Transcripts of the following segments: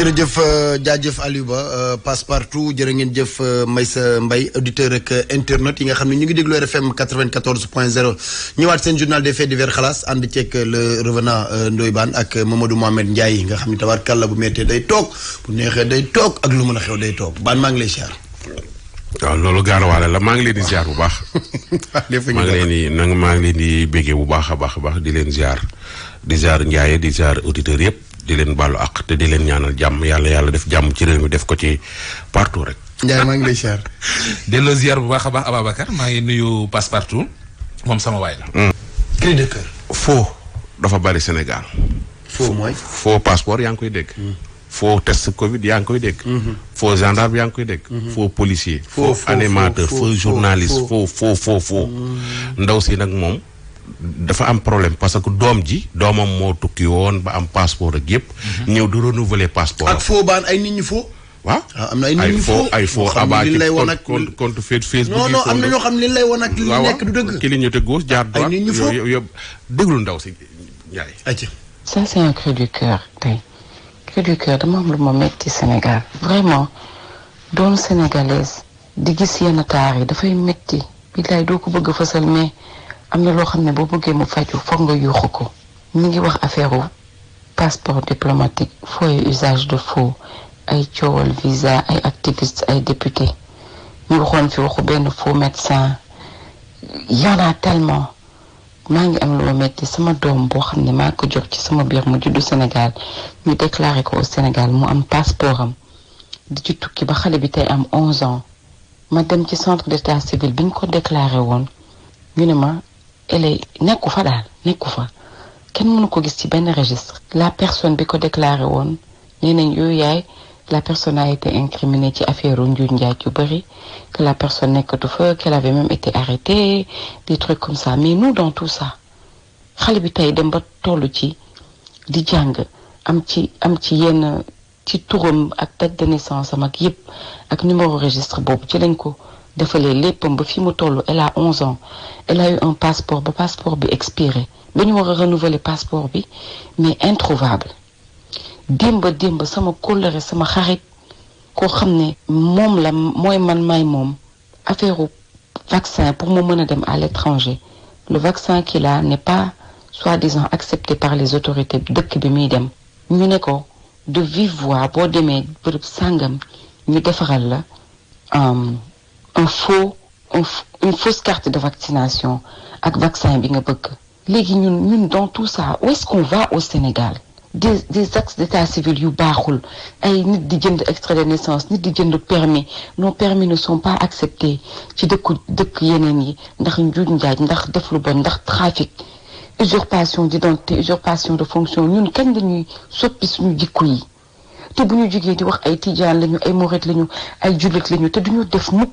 jërëjëf euh, jaajëf Aliou Ba euh, passe partout jërë ngeen jëf euh, Maysa mbay auditeur ak internet yi nga xam ne ñu ngi déglu RFM 94.0 point 0 ñëwaat seen journal des faits divers xalaas ànd ceeg le revenant ndoy Bane ak Mamadou Mohamed Ndiaye nga xam ne tabaarkàlla bu méttee day toog bu neexee day toog ak lu mën a xew day toog Bane maa ngi lay siyaar. waaw loolu gaarawaale la maa ngi leen di ziar bu baax. maa ngi leen di nang maa ngi leen di béggee bu baax a baax a baax di leen ziar di ziar Ndiaye di ziar auditeur yëpp. di leen baalu àq te di leen ñaanal jàmm yàlla yàlla def jàmm ci réew mi def ko ci partout rek. Ndiaye maa ngi lay ziar. delloo ziar bu baax a baax Ababacar maa ngi nuyu Passepartout moom sama waay la. Mm. fo dafa bari Sénégal. foo mooy. foo passeport yaa ngi koy dégg. Mm. foo test Covid yaa ngi koy dégg. Mm-hmm. foo gendarme yaa ngi koy dégg. Mm-hmm. foo policier. foo animateur foo journaliste foo foo foo ndaw si nag moom. dafa am problème parce que doom ji doomam moo tukki woon ba am passeport ak yëpp. Mhm. ñëw du renouveler passeport ak foo baan ay nit ñi foo. waaw ah, am na ay nit ñi foo ay foo abaa ci nit ñi foo yëpp déglu ndaw si Ndiaye. ayca. ça c'est tey cri du dama am lu ma metti Sénégal vraiment doo ko bëgg a fësal mais. amna lo loo bo ne bëggee mu faju foog nga yuuxu ko mu ngi wax affaire passeport diplomatique faux usage de faux ay coowal visa ay activiste ay député ñu waxoon fi waxu benn faux médecin yaanaa tellement maa ngi am lu ma metti sama doom boo xam ne maa ko jox ci sama biir mu juddu Sénégal ñu déclaré ko au Sénégal mu am passeport am di ci tukki ba xale bi tey am 11 ans ma dem ci centre d'état civil biñ ko déclaré woon ñu ne ma elle nekku fa daal nekku fa kenn nous ko gis ci benn registre la personne bi ko déclaré woon nee nañ yaay la personne a été incriminée ci affaire njuuj njaaj yu bëri que la personne nekkatu fa qu'elle avait même été arrêtée des trucs comme ça mais nous dans tout ça xale bi tey dem ba toll ci di un am ci am ci yenn ci turam ak date de naissance am ak yëpp ak numéro registre boobu ci lañ defalee léppam ba fi mu toll elle a 11 ans elle a eu un passeport ba passeport bi expiré ba ñu war a renouveler passeport bi mais introuvable démba démba sama kóllëre sama xarit koo xam ne moom la mooy man may moom affaire vaccin pour mu mën a dem à l'étranger le vaccin qu'il a n'est pas soi-disant accepté par les autorités dëkk bi muy dem ñu ne ko de vive voix boo demee bërëb sàngam ñu defaral la euh, une fausse carte de vaccination avec vaccin bi nga bëgg dans tout ça où est-ce qu'on va au Sénégal des axes d'état civil yu baaxul ay nit di jënd de naissance nit di de permis nos permis ne sont pas acceptés ci dëkku de yeneen yi ndax dans njaaj ndax dans lu bon ndax trafic usurpation d'identité usurpation de fonction ñun kañ lañuy soppi suñu jikko yi te bu ñu jógee di wax ay tijaan lañu ay mouride lañu ay jullit lañu te duñu def mukk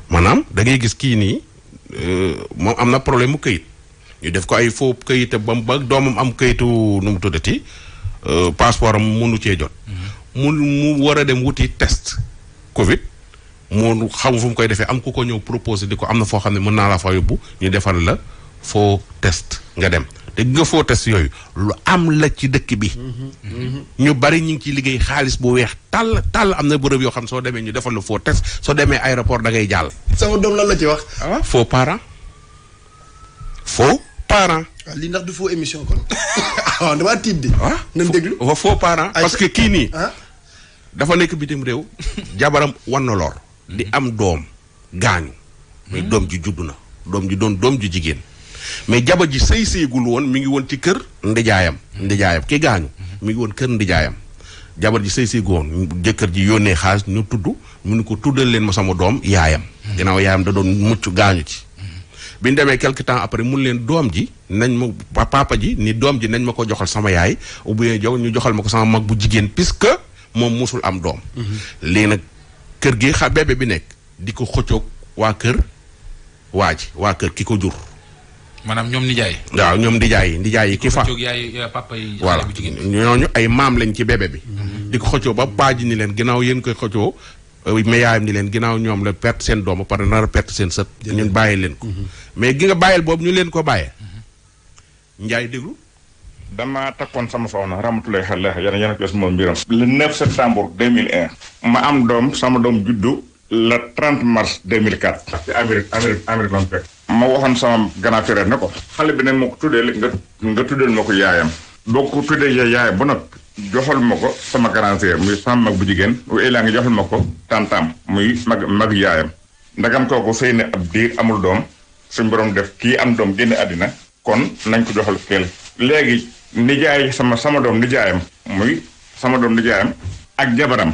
maanaam da ngay gis kii nii euh, moom am na problème mu këyit ñu def ko ay faux këyit ba mu ba doomam am këyitu nu mu tuddati euh, passeport am mënu cee jot. Mm-hmm. mu mu war a dem wuti test Covid mu xam fu koy defee am ku ko ñëw proposé di ko am na foo xam ne mën naa laa fa yóbbu ñu defal la foo test nga dem. te nga foo tas yooyu lu am la ci dëkk bi. ñu bari ñu ngi ciy liggéey xaalis bu weex tàll tàll am na bërëb yoo xam soo demee ñu defal lu foo tas soo demee aéroport da ngay jàll. sama doom lan la ci wax. ah faux parent. faux parent. Ah, li ndax du émission kon. ah damaa tiit de. Ah, nañ parent. parce que kii nii. Ah. dafa nekk bitim réew. jabaram wan na lor. am doom gaañu. mais hmm. doom ju judd na. doom ji doon doom ju jigéen. mais jabar ji sëy sëygul woon mi ngi woon ci kër ndijaayam ndijaayam ki gaañu mi ngi woon kër ndijaayam jabar ji sëy sëy goon jëkkër ji yónnee xaalis ñu tudd mu nu ko tuddal leen ma sama doom yaayam ginnaaw yaayam da doon mucc gaañu ci bi ñu demee quelque temps après mun leen doom ji nañ ma papa ji ni doom ji nañ ma ko joxal sama yaay ou bien jox ñu joxal ma ko sama mag bu jigéen puisque moom mosul am doom léegi nag kër gi xa bébé bi nekk di ko xëccoog waa kër waa ji waa kër ki ko jur maanaam ñoom nijaay. waaw ñoom nijaay nijaay yi ki fa. voilà ñooñu ay maam lañ ci bébé bi. Mhm. di ko xëccoo ba paa ni leen ginnaaw yéen koy xëccoo. Euh, mais yaayam ni leen ginnaaw ñoom la perte seen doom ba pare nar a perte seen sët. ñun bàyyi leen ko. Mhm. mais gi nga bàyyil boobu ñu leen ko bàyyee. Mhm. Ndiaye déglu. damaa takkoon sama soxna Ramatoulaye xel la yéen a yéen a gis moom mbiram. le 9 septembre 2001. ma am doom sama doom juddu le 30 mars 2004. parce que Amérique Amérique ma waxoon sama grand frère ne ko xale bi ne ma ko tuddeel nga nga tuddeel ma ko yaayam boo ko tuddee yaayam ba noppi joxal ma ko sama grand muy sama mag bu jigéen bu laa ngi ma ko tantam muy mag mag yaayam ndagam kooku sëy ne ab diir amul doom suñ borom def kii am doom génn àddina kon nañ ko joxal keel léegi nijaay sama sama doom nijaayam muy sama doom nijaayam ak jabaram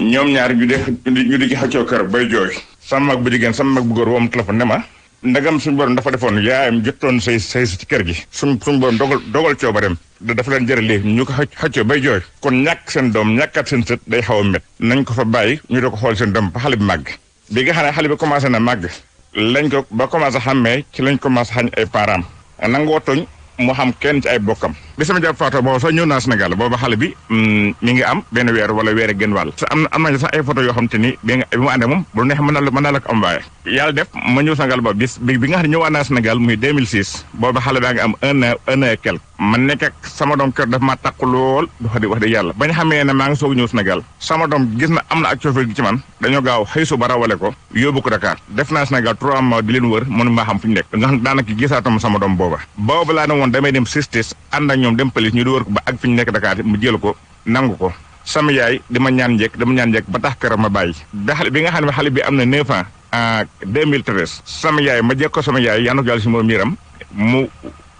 ñoom ñaar ñu def ñu di xëccoo kër bay jooy sama mag bu jigéen sama mag bu góor woo ma ne ma ndagam suñu borom dafa defoon yaayam jotoon sey say ci kër gi suñ suñu borom dogal dogal coobareem dafa leen jërale ñu ko xëccoo bay jooy kon ñàkk seen doom ñàkkaat seen sët day xaw a met nañ ko fa bàyyi ñu doo ko xool sen doom ba xale bi màgg bi nga xam ne xale bi commencé na màgg lañ ko ba commencé xàmmee ci lañ commencé xañ ay param nangoo tooñ mu xam kenn ci ay bokkam li sama jàpp faata boobu sax ñëw naa Sénégal ba xale bi mm, mi ngi am ben weer wala weer ak genn am am na sax ay photo yo xamanteni bi nga bi mu àndee moom bu neex manal manal ak am baye yalla def ma ñu sangal boobu bis bi nga xam ne ñëwaat naa Sénégal muy 2006 bo ba xale ba nga am 1 an un an man nek ak sama dom kër daf ma takku lool wax xadi wax de yalla bañ xamé na ma nga soog ñu Sénégal sama dom gis na amna ak chauffeur gi ci man dañu gaaw xëy bara wale ko yobu ko Dakar def na Sénégal 3 mois di leen wër mënu ma xam fu nek nga xam daanaka gisaatuma sama dom boba boba la na won damay dem sistis and ak ñoom dem pëlis ñu di wër ko ba ak fi ñu nekk Dakar mu jël ko nangu ko sama yaay ñaan njëkk dama ñaan njëkk ba tax këram ma bàyyi da xale bi nga xam ne xale bi am na neuf ans en 2013 sama ma jëkk ko sama yaay yàlla na ko yàlla si moom yaram mu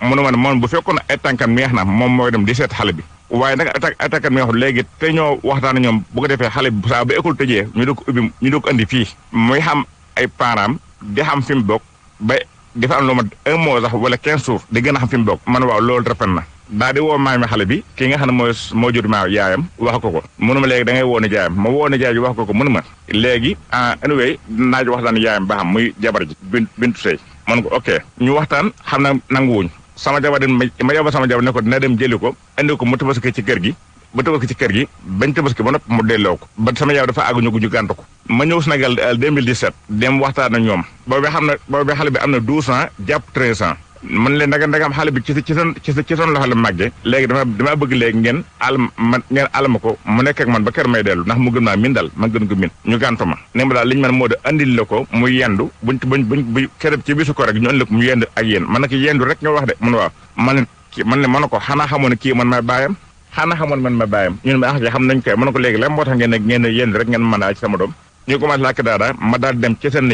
munu ma ne moom bu fekkoon ay tànkam neex na moom mooy dem di seet xale bi waaye nag attaque attaque mi nga xam léegi te ñoo waxtaan ñoom bu ko defee xale bi saa ba école tëjee ñu ñu doog ko andi fii. xam ay parents di xam fi mu ba dafa am lu ma un mois sax wala quinze jours di gën a daa di woo maami xale bi ki nga xam ne mooy moo jur maa yaayam wax ko ko mënuma léegi da ngay woo ni jaayam ma woo ni jaay bi wax ko ko mënuma léegi ah, naa ji waxtaan ba xam muy jabar ji bintu sëy man ko ok ñu waxtaan xam na nanguwuñ sama jabar din sama jabar ko dina dem jëli ko indi ko mu tabaski ci kër gi ba tabaski ci gi bañ tabaski ba noppi mu delloo ko ba sama yaay dafa àgguñu gu ko ma ñëw Sénégal 2017 euh, dem waxtaan ak ñoom boobu xam na boobu xale bi am na douze ans jàpp treize ans mën leen ndagam ndagam xale bi ci sa ci son ci sa son loxo la màggee léegi dama dama bëgg léegi ngeen al ma ngeen ko mu nekk ak man ba kër may dellu ndax mu gën maa min dal ma gën ko ma ne ma daal man moo da ko mu yendu buñ buñ buñ bu kereb ci bisu ko rek ñu andi la ko mu yendu ak yéen man nag yendu rek ñoo wax de mun waaw man ki man ne mën ko xanaa xamoon ne kii man may bàyyam xanaa xamoon man ma bàyyam ñun ma ax ah, xam nañ koy mën ko léegi lan moo tax ngeen ngeen yendu rek ngeen mën a ci sama doom ñu dem ci seen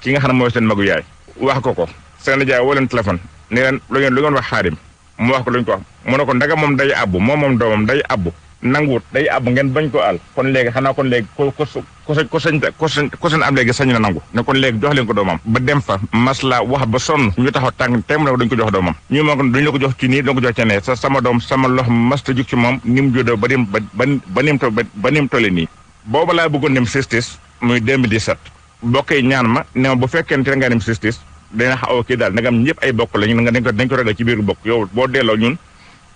ki nga xam ne mooy seen magu yaay wax ko ko sa nijaay woo leen téléphone ne leen lu ngeen wax xaarim mu wax ko lu ñu ko wax mu ne ko ndaga moom day abbu moom moom doomam day abbu nanguwut day abbu ngeen bañ ko àll kon léegi xanaa kon léegi ko ko ko sañ ko sañ am léegi sañ na nangu ne kon léegi jox leen ko doomam ba dem fa masla wax ba sonn ñu taxaw tàng teem na duñ ko jox doomam ñu moo ko duñ la ko jox ci nii duñ ko jox ci nee sa sama doom sama lox masta jug ci moom ni mu juddoo ba nim ba nii booba laa bëggoon dem sistis muy 2017 bokk yi ñaan ma ne ma bu fekkente nga dem sistis dina xaw a kii daal nagam ñëpp ay bokk lañu nga dañ ko dañ ko ragal ci biir bokk yow boo delloo ñun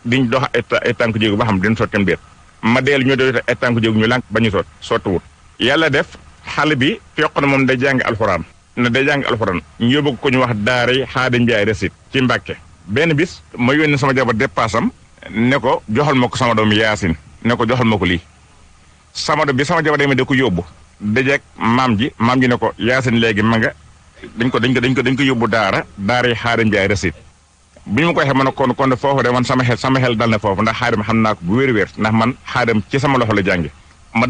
diñ dox ay tànk jéegu ba xam dina sottam déet ma dellu ñu doon ay tànk jéegu ñu lànk ba ñu soot sottiwut yàlla def xale bi fekk na moom day jàng alxuraan na day jàng alxuraan ñu yóbbu ko ñu wax daara yi xaada njaay resit ci mbàkke benn bis ma yónni sama jabar dépassam ne ko joxal ma ko sama doom yaasin ne ko joxal ma ko lii sama doom bi sama jabar demee da ko yóbbu dajeeg maam ji maam ji ne ko yaasin léegi ma dañ ko dañ ko dañ ko dañ ko yóbbu daara daara yi xaarim bi ay recite bi ñu ma ko waxee ma ne kon kon foofu de man sama xel dal na foofu ndax xaarim ma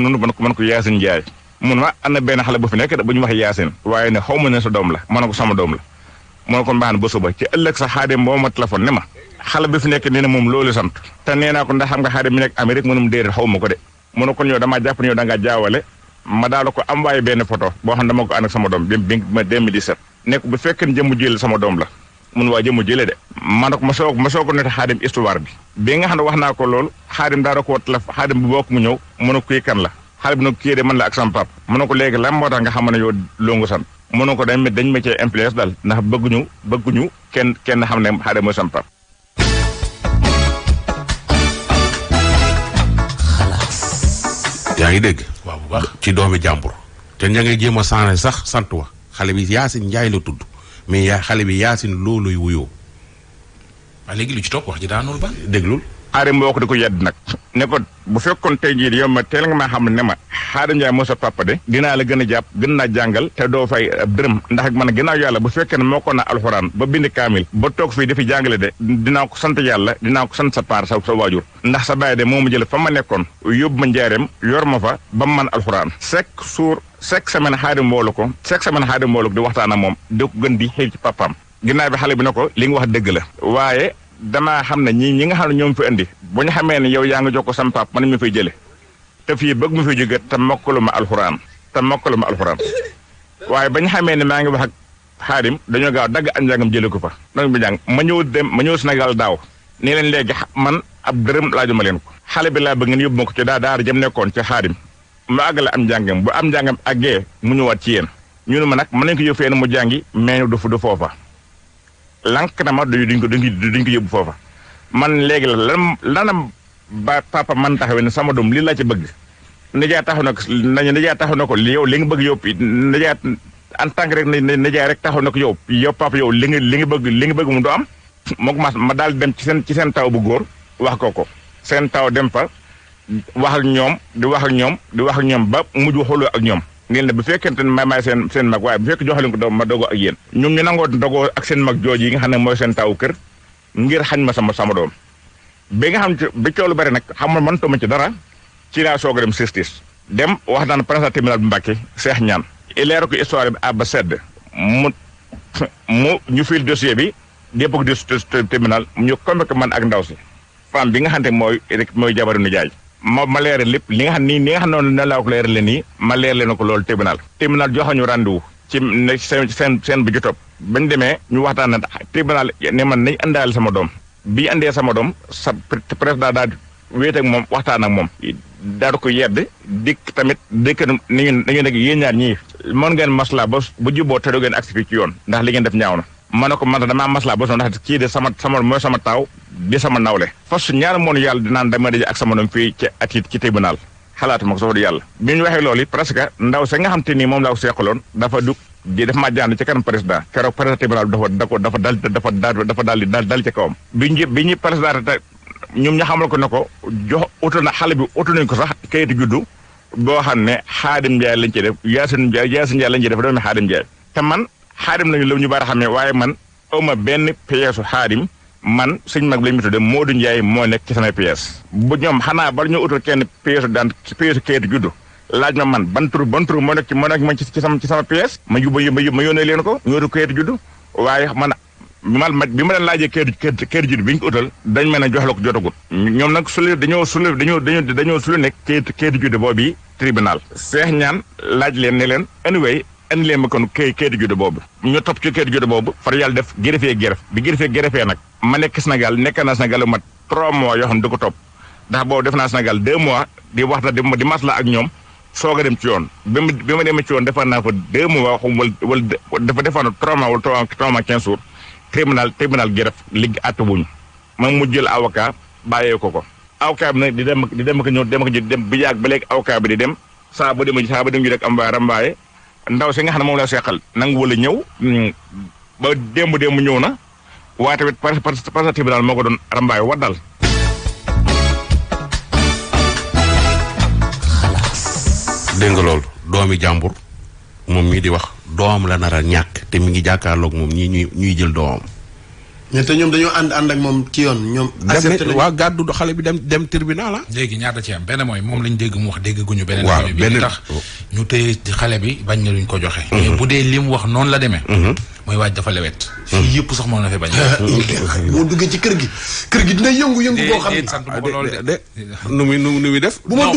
daal ma na benn xale bu fi nekk bu ñu ma ne sa ma ne ko sama doom la mu ne kon na ba suba ci ëllëg sa xaarim boo ma téléphone ne nekk nee na moom loolu sant te nee naa ko ndax xam nga xaarim bi nekk Amérique mënum déedéet xaw ko de mu ne kon yow damaa jàpp ne yow jaawale ma daal la ko envoyé benn photo boo xam ne dama ko ànd ak sama doom bi bi ma 2017. nekk bu fekkee jëmu jël sama doom la mun waa jëmu jëlee de. man nag ma soog ma soog ko nete xaadim histoire bi. bi nga xam ne wax naa ko loolu xaadim daa ko la xaadim bu bokk mu ñëw mën a kuy kan la. xale bi nag kii de man la ak sama pap mën na ko léegi lan moo tax nga xam ne yow longu san mën na ko dañ ma dañ ma cee impliqué daal ndax bëgguñu bëgguñu kenn kenn xam ne xaadim mooy sama pap yaa ngi dégg. wax ci doomi jàmbur te ña ngay jéem a saane sax sant wa xale bi yaasin njaay la tudd mais xale bi yaasin looluy wuyoo. waaw léegi lu ci topp wax ji daanul ba déglul aare moo ko di ko yedd nag ne ko bu fekkoon tey jii yow ma teel nga maa xam ne ma xaada njaay moo sa papa de dinaa la gën a jàpp gën naa jàngal te doo fay eh, dërëm ndax man ginnaaw yàlla bu fekkee ne moo ko na alxuraan ba bind kaamil ba toog fii dafi jàngale de dinaa ko sant yàlla dinaa ko sant sa paar sa sa waajur ndax sa baay de moom ma jël fa ma nekkoon yóbbu ma njaareem yor ma fa ba man alxuraan chaque jour chaque semaine xaari mboolu ko chaque semaine xaari mboolu ko di waxtaan ak moom di ko gën di xëy ci papaam ginnaaw bi xale bi ne ko li nga wax dëgg la damaa xam ne ñii ñi nga xam ne ñoom fi indi boo ñu xamee ne yow yaa nga jox ko sam pap man mi fay jële te fii bëgg mu fi jóge te mokkalu ma alxuraan te mokkalu ma alxuraan waaye ba ñu xamee ne maa ngi wax ak xaarim dañoo gaaw dagg am njàngam jële ko fa donc bi jàng ma ñëw dem ma ñëw Sénégal daaw nii leen léegi man ab dërëm ma leen ko xale bi laa bëgg ngeen yóbbu ma ko ci daa daara jëm nekkoon ca xaarim mu àggale am njàngam bu am njàngam àggee mu ñëwaat ci yéen ñu ne ma nag mën nañ ko yóbbu feen mu jàngi mais du fu du foofa lank na ma duñ ko duñ ko yóbbu foofa man léegi la lan lanam ba paapa man taxawee ne sama doom lii laa ci bëgg nijaay taxaw na ko nañu nijaay taxaw na ko yow li nga bëgg yow nijaay en tant que rek nijaay rek taxaw na ko yow yow papa yow li nga li nga bëgg li nga bëgg mu doo am moo ma daal dem ci seen ci seen bu góor wax ko ko seen taw dem fa wax ak ñoom di wax ak ñoom di wax ak ñoom ba mujj waxuloo ak ñoom neen na bu fekkente ne may seen seen mag waaye bu fekk jox leen ko doom ma dogoo ak yéen ñoom ñu nangoo dogoo ak seen mag jooju yi nga xam ne mooy seen taw kër ngir xañ ma sama sama doom bi nga xam ci bi coow lu bari nag xam man mënatuma ci dara ci laa dem wax naan président tribunal bu Mbàkke Cheikh Niane leeral ko histoire bi àbba sedd mu mu ñu fiil dossier bi dépp ko tribunal ñu convoqué man ak ndaw si femme bi nga xam te mooy rek mooy jabaru nijaay ma ma leeral lépp li nga xam ni li nga xam noonu ne laa ko leeralee nii ma leeralee na ko loolu tribunal. tribunal joxañu rendez-vous ci ne seen seen seen bu jotop bañ demee ñu waxtaan na tribunal ne man nañ àndaale sama doom bi àndee sama doom sa président daal wéet ak moom waxtaan ak moom. daal ko yedd dikk tamit dikk nañu nañu nag yéen ñaar ñii. mën ngeen maslaa ba bu jubboo te du ngeen agsi ci yoon. ndax li ngeen def ñaaw na. ma ne ko man damaa maslaa ba sonn ndax kii de sama sama mooy sama taaw di sama nawle fas ñaar moon yàlla dinaan dama daje ak sama doom fii ci atit ci tribunal xalaatu ma ko soo di yàlla waxee loolu presque ndaw sa nga xam te nii moom laa ko dafa dug def maa jaan ci kanam président keroog président tribunal dafa dal dal ci kawam bi ñu président te ñoom ko ne ko na xale bi utu nañ ko sax kayitu juddu boo xam ne Xaadim Njaay lañ ci def xaadim lañu la ñu baara xamee waaye man awma benn pièce xaadim man suñ mag bi lañ ma tudde Modou Ndiaye moo nekk ci sama pièce bu ñoom xanaa bala ñoo utal kenn pièce daan pièce kayitu juddu laaj ma man ban tur ban tur moo nekk ci moo nekk man ci sama ci sama pièce ma yóbbu yóbbu yóbbu ma yónnee leen ko ñu utal kayitu juddu waaye man mal ma bi ma leen laajee kër kër kër bi ñu ko utal dañ mel ne jox la ko jotagut ñoom nag su leen dañoo su leen dañoo dañoo dañoo su leen nekk kër kër juddu boobu tribunal. seex ñaan laaj leen ne leen anyway indi leen ma kon kay kayitu juddu boobu ñu topp ci kayitu juddu boobu far yàlla def greffier greffe bi greffier greffe nag ma nekk Sénégal nekk naa Sénégal ma mat trois mois yoo xam ne du ko topp ndax boobu def naa Sénégal deux mois di wax na di mas la ak ñoom soog a dem ci yoon bi ma bi ma demee ci yoon defar naa fa deux mois waxum wala wala dafa defar na trois mois wala trois mois quinze jours tribunal tribunal greffe ligg àtte wuñu ma mu jël avocat bàyyee ko ko avocat bi nag di dem di dem ko ñëw dem ko ji dem bi yàgg ba léegi avocat bi di dem saa ba dem saa ba dem ñu am mbaay ndaw si nga xam ne moom laa seqal nangu wala ñëw mm, ba démb démb ñëw na waaye tamit que par par daal moo ko doon rambaay waddal. dal dégg nga loolu doomi jàmbur moom mii di wax doom la nar a ñàkk te mi ngi jàkkaarloog moom ñii ñuy ñuy jël doomam. mais ñoom dañoo ànd ànd ak moom ci yoon ñoom. accepté nañu waaw xale bi dem dem tribunal ah. léegi ñaata ci am benn mooy moom lañ dégg wax dégg guñu. beneen bi bi tax ñu téye xale bi bañ na luñ ko joxe. Mhm. dee li mu wax noonu la demee. Mhm. mooy waaj dafa lewet. Mhm. fii yëpp sax moom la fi bañ. ci kër gi kër gi dina yëngu yëngu. boo xam ne sant bu ko lool ah, nu muy muy def. bu ma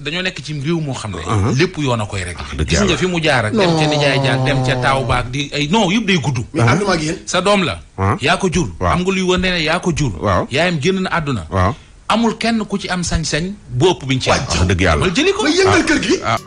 dañoo nekk ci réew moo xam ne. lépp yoon a koy rek. Ah, gis nga fi mu jaar ak. dem ca nijaay jaar dem taaw baak di ay non yëpp day guddu mais ànduma ak yéen sa doom la yaa ko jur. am nga luy wane ne yaa ko jur. waaw yaayam génn na àdduna. waaw amul kenn ku ci am sañ-sañ. bopp bi ñu ci am. wax dëgg yàlla jëli ko yëngal kër gi. Ah.